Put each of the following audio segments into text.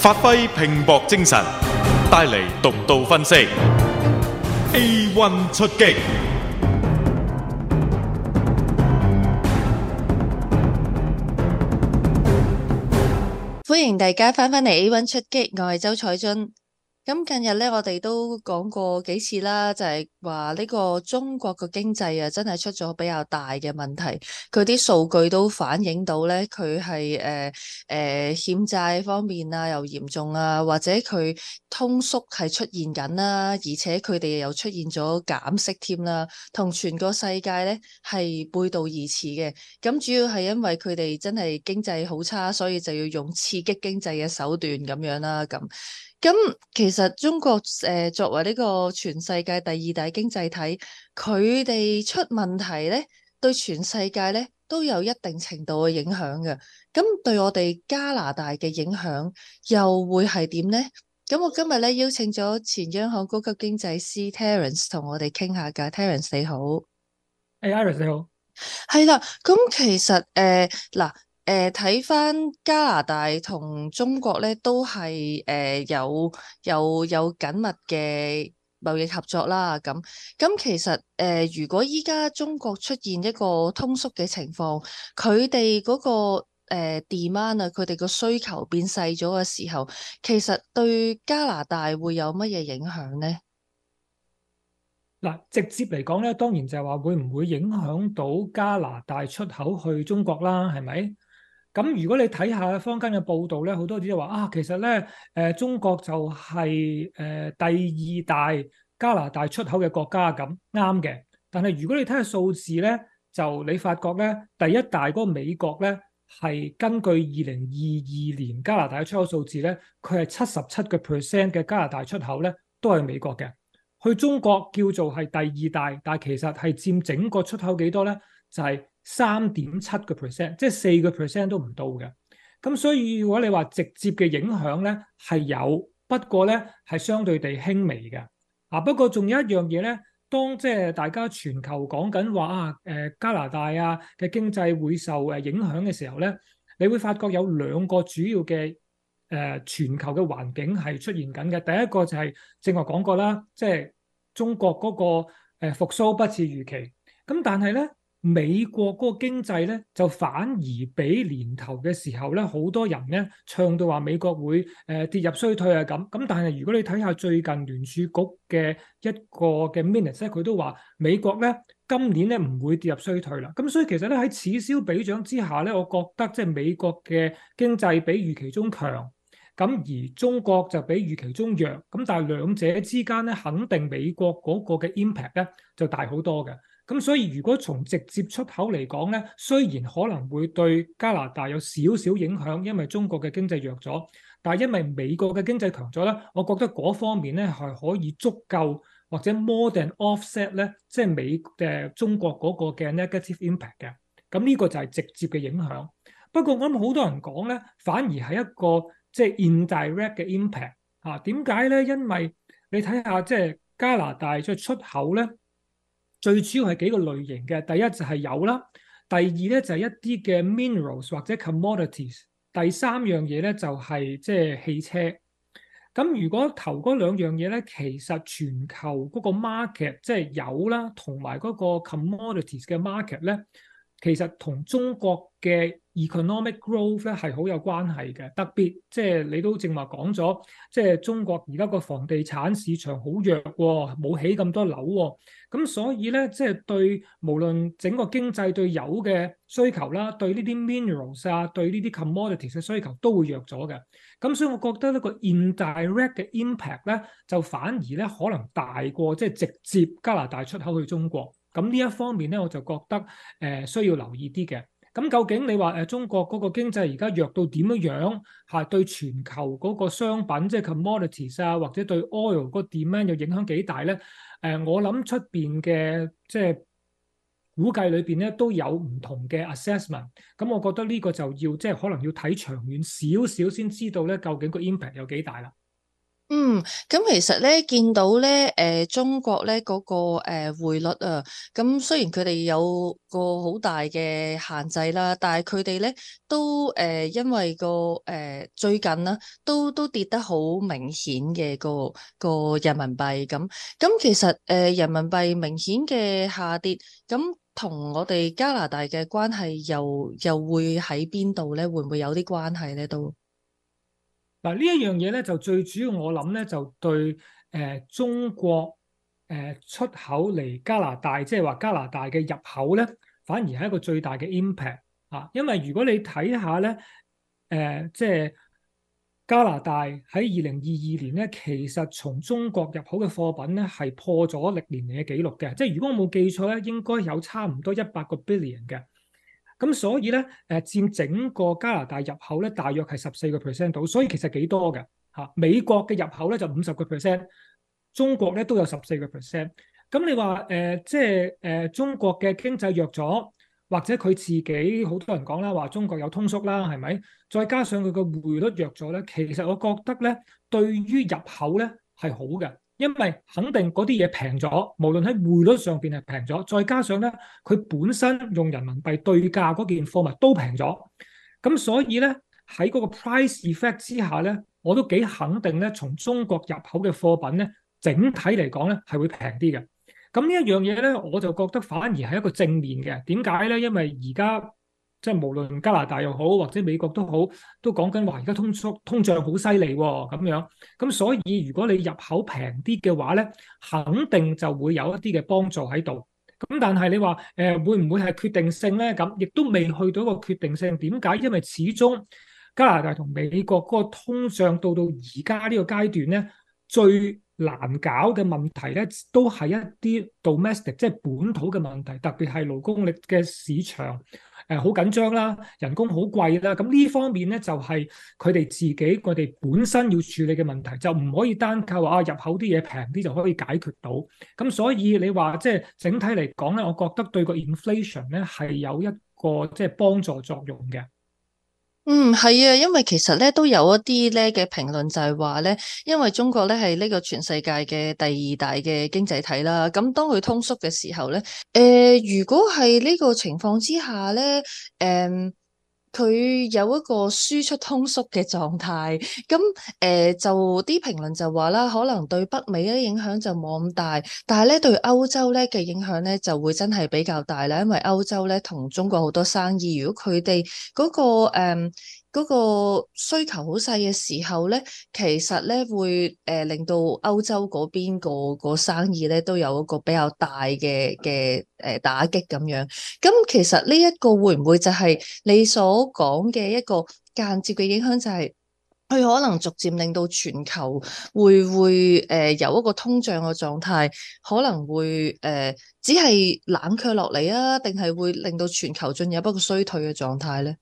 發揮拼搏精神，帶嚟獨到分析。A one 出擊，歡迎大家翻返嚟 A one 出擊，我係周彩俊。咁近日咧，我哋都講過幾次啦，就係話呢個中國嘅經濟啊，真係出咗比較大嘅問題。佢啲數據都反映到咧，佢係誒誒欠債方面啊又嚴重啊，或者佢通縮係出現緊啦，而且佢哋又出現咗減息添啦，同全個世界咧係背道而馳嘅。咁主要係因為佢哋真係經濟好差，所以就要用刺激經濟嘅手段咁樣啦，啊，咁。咁其實中國誒、呃、作為呢個全世界第二大經濟體，佢哋出問題咧，對全世界咧都有一定程度嘅影響嘅。咁對我哋加拿大嘅影響又會係點咧？咁我今日咧邀請咗前央行高級經濟師 Terence 同我哋傾下噶。Terence、hey, 你好 Iris 你好，係啦。咁其實誒嗱。呃誒、呃，睇翻加拿大同中國咧，都係誒、呃、有有有緊密嘅貿易合作啦。咁咁其實誒、呃，如果依家中國出現一個通縮嘅情況，佢哋嗰個誒、呃、demand 啊，佢哋個需求變細咗嘅時候，其實對加拿大會有乜嘢影響咧？嗱，直接嚟講咧，當然就係話會唔會影響到加拿大出口去中國啦，係咪？咁如果你睇下坊間嘅報道咧，好多啲都話啊，其實咧，誒、呃、中國就係、是、誒、呃、第二大加拿大出口嘅國家咁啱嘅。但係如果你睇下數字咧，就你發覺咧，第一大嗰個美國咧，係根據二零二二年加拿，加拿大出口數字咧，佢係七十七個 percent 嘅加拿大出口咧都係美國嘅。去中國叫做係第二大，但係其實係佔整個出口幾多咧？就係、是。三點七個 percent，即係四個 percent 都唔到嘅。咁所以如果你話直接嘅影響咧係有，不過咧係相對地輕微嘅。啊，不過仲有一樣嘢咧，當即係大家全球講緊話啊，誒加拿大啊嘅經濟會受誒影響嘅時候咧，你會發覺有兩個主要嘅誒全球嘅環境係出現緊嘅。第一個就係正話講過啦，即係中國嗰個誒復甦不似預期。咁但係咧。美國嗰個經濟咧，就反而比年頭嘅時候咧，好多人咧唱到話美國會誒、呃、跌入衰退啊咁。咁但係如果你睇下最近聯儲局嘅一個嘅 minutes 咧，佢都話美國咧今年咧唔會跌入衰退啦。咁所以其實咧喺此消彼長之下咧，我覺得即係美國嘅經濟比預期中強，咁而中國就比預期中弱。咁但係兩者之間咧，肯定美國嗰個嘅 impact 咧就大好多嘅。咁所以如果從直接出口嚟講咧，雖然可能會對加拿大有少少影響，因為中國嘅經濟弱咗，但因為美國嘅經濟強咗咧，我覺得嗰方面咧係可以足夠或者 more than offset 咧，即係美、呃、中國嗰個嘅 negative impact 嘅。咁呢個就係直接嘅影響。不過我諗好多人講咧，反而係一個即係 indirect 嘅 impact 啊？點解咧？因為你睇下即係加拿大嘅出口咧。最主要係幾個類型嘅，第一就係油啦，第二咧就係一啲嘅 minerals 或者 commodities，第三樣嘢咧就係即係汽車。咁如果頭嗰兩樣嘢咧，其實全球嗰個 market 即係油啦，同埋嗰個 commodities 嘅 market 咧。其實同中國嘅 economic growth 咧係好有關係嘅，特別即係你都正話講咗，即、就是、中國而家個房地產市場好弱喎、哦，冇起咁多樓喎、哦，咁所以咧即係對無論整個經濟對油嘅需求啦，對呢啲 minerals 啊，對呢啲 commodities 嘅需求都會弱咗嘅，咁所以我覺得呢個 indirect 嘅 impact 咧就反而咧可能大過即係、就是、直接加拿大出口去中國。咁呢一方面咧，我就覺得、呃、需要留意啲嘅。咁究竟你話、呃、中國嗰個經濟而家弱到點樣？嚇、啊、對全球嗰個商品即係 commodities 啊，或者對 oil 個 demand 又影響幾大咧、呃？我諗出面嘅即係估計裏面咧都有唔同嘅 assessment。咁我覺得呢個就要即係、就是、可能要睇長遠少少先知道咧，究竟個 impact 有幾大啦。嗯，咁其實咧，見到咧，誒，中國咧嗰個誒匯率啊，咁雖然佢哋有個好大嘅限制啦，但係佢哋咧都誒，因為個誒最近啦，都都跌得好明顯嘅個個人民幣咁，咁其實誒人民幣明顯嘅下跌，咁同我哋加拿大嘅關係又又會喺邊度咧？會唔會有啲關係咧？都？嗱呢一樣嘢咧，就最主要我諗咧，就對誒中國誒出口嚟加拿大，即係話加拿大嘅入口咧，反而係一個最大嘅 impact 啊！因為如果你睇下咧，誒即係加拿大喺二零二二年咧，其實從中國入口嘅貨品咧係破咗歷年嚟嘅記錄嘅，即係如果我冇記錯咧，應該有差唔多一百個 billion 嘅。咁所以咧，誒佔整個加拿大入口咧，大約係十四個 percent 度，所以其實幾多嘅吓。美國嘅入口咧就五十個 percent，中國咧都有十四個 percent。咁你話誒，即係誒中國嘅經濟弱咗，或者佢自己好多人講啦，話中國有通縮啦，係咪？再加上佢嘅匯率弱咗咧，其實我覺得咧，對於入口咧係好嘅。因為肯定嗰啲嘢平咗，無論喺匯率上邊係平咗，再加上咧佢本身用人民幣對價嗰件貨物都平咗，咁所以咧喺嗰個 price effect 之下咧，我都幾肯定咧，從中國入口嘅貨品咧，整體嚟講咧係會平啲嘅。咁呢一樣嘢咧，我就覺得反而係一個正面嘅。點解咧？因為而家。即係無論加拿大又好或者美國都好，都講緊話而家通縮通脹好犀利喎咁樣，咁所以如果你入口平啲嘅話咧，肯定就會有一啲嘅幫助喺度。咁但係你話誒、呃、會唔會係決定性咧？咁亦都未去到一個決定性。點解？因為始終加拿大同美國嗰個通脹到到而家呢個階段咧，最難搞嘅問題咧，都係一啲 domestic 即係本土嘅問題，特別係勞工力嘅市場誒，好、呃、緊張啦，人工好貴啦，咁呢方面咧就係佢哋自己佢哋本身要處理嘅問題，就唔可以單靠啊入口啲嘢平啲就可以解決到。咁所以你話即係整體嚟講咧，我覺得對個 inflation 咧係有一個即係、就是、幫助作用嘅。嗯，係啊，因為其實咧都有一啲咧嘅評論就係話咧，因為中國咧係呢個全世界嘅第二大嘅經濟體啦，咁當佢通縮嘅時候咧，誒、呃，如果係呢個情況之下咧，誒、嗯。佢有一個輸出通縮嘅狀態，咁誒、呃、就啲評論就話啦，可能對北美咧影響就冇咁大，但係咧對歐洲咧嘅影響咧就會真係比較大啦，因為歐洲咧同中國好多生意，如果佢哋嗰個誒、呃那個、需求好細嘅時候咧，其實咧會誒、呃、令到歐洲嗰邊個生意咧都有一個比較大嘅嘅誒打擊咁樣。咁其實呢一個會唔會就係你所我講嘅一個間接嘅影響就係，佢可能逐漸令到全球會會誒有一個通脹嘅狀態，可能會誒只係冷卻落嚟啊，定係會令到全球進入一個衰退嘅狀態咧？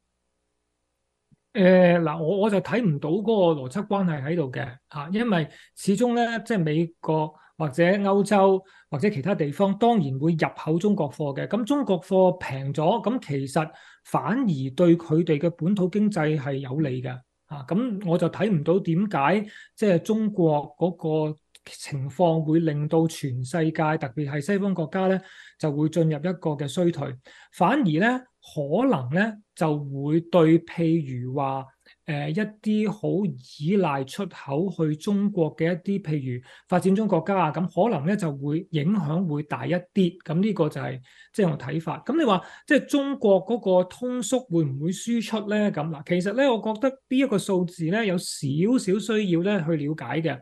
誒，嗱，我我就睇唔到嗰個邏輯關係喺度嘅吓，因為始終咧即係美國或者歐洲。或者其他地方當然會入口中國貨嘅，咁中國貨平咗，咁其實反而對佢哋嘅本土經濟係有利嘅。啊，咁我就睇唔到點解即係中國嗰個情況會令到全世界特別係西方國家咧就會進入一個嘅衰退，反而咧可能咧就會對譬如話。呃、一啲好依賴出口去中國嘅一啲，譬如發展中國家啊，咁可能咧就會影響會大一啲。咁呢個就係即係我睇法。咁你話即係中國嗰個通縮會唔會輸出咧？咁嗱，其實咧，我覺得呢一個數字咧有少少需要咧去了解嘅。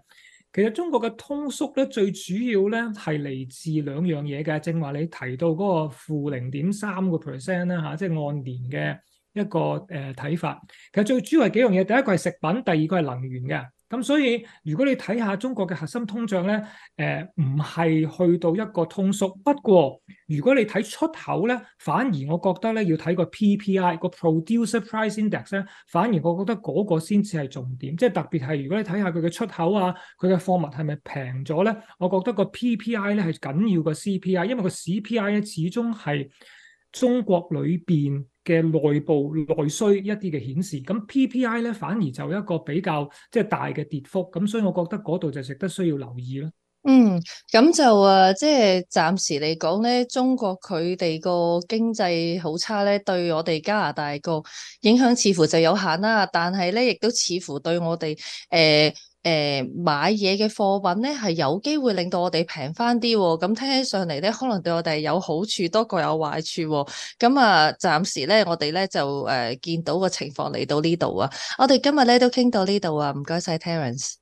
其實中國嘅通縮咧最主要咧係嚟自兩樣嘢嘅。正話你提到嗰個負零點三個 percent 啦，吓，即係按年嘅。一個誒睇、呃、法，其實最主要係幾樣嘢，第一個係食品，第二個係能源嘅。咁所以如果你睇下中國嘅核心通脹咧，誒唔係去到一個通縮。不過如果你睇出口咧，反而我覺得咧要睇個 PPI 個 Producer Price Index 咧，反而我覺得嗰個先至係重點。即係特別係如果你睇下佢嘅出口啊，佢嘅貨物係咪平咗咧？我覺得個 PPI 咧係緊要過 CPI，因為個 CPI 咧始終係中國裏邊嘅內部內需一啲嘅顯示，咁 PPI 咧反而就一個比較即係、就是、大嘅跌幅，咁所以我覺得嗰度就值得需要留意咯。嗯，咁就啊，即、就、係、是、暫時嚟講咧，中國佢哋個經濟好差咧，對我哋加拿大個影響似乎就有限啦。但係咧，亦都似乎對我哋誒。呃誒買嘢嘅貨品咧係有機會令到我哋平返啲喎，咁聽起上嚟咧可能對我哋有好處多過有壞處喎，咁啊暫時咧我哋咧就誒見到個情況嚟到呢度啊，我哋今日咧都傾到呢度啊，唔該晒，Terence。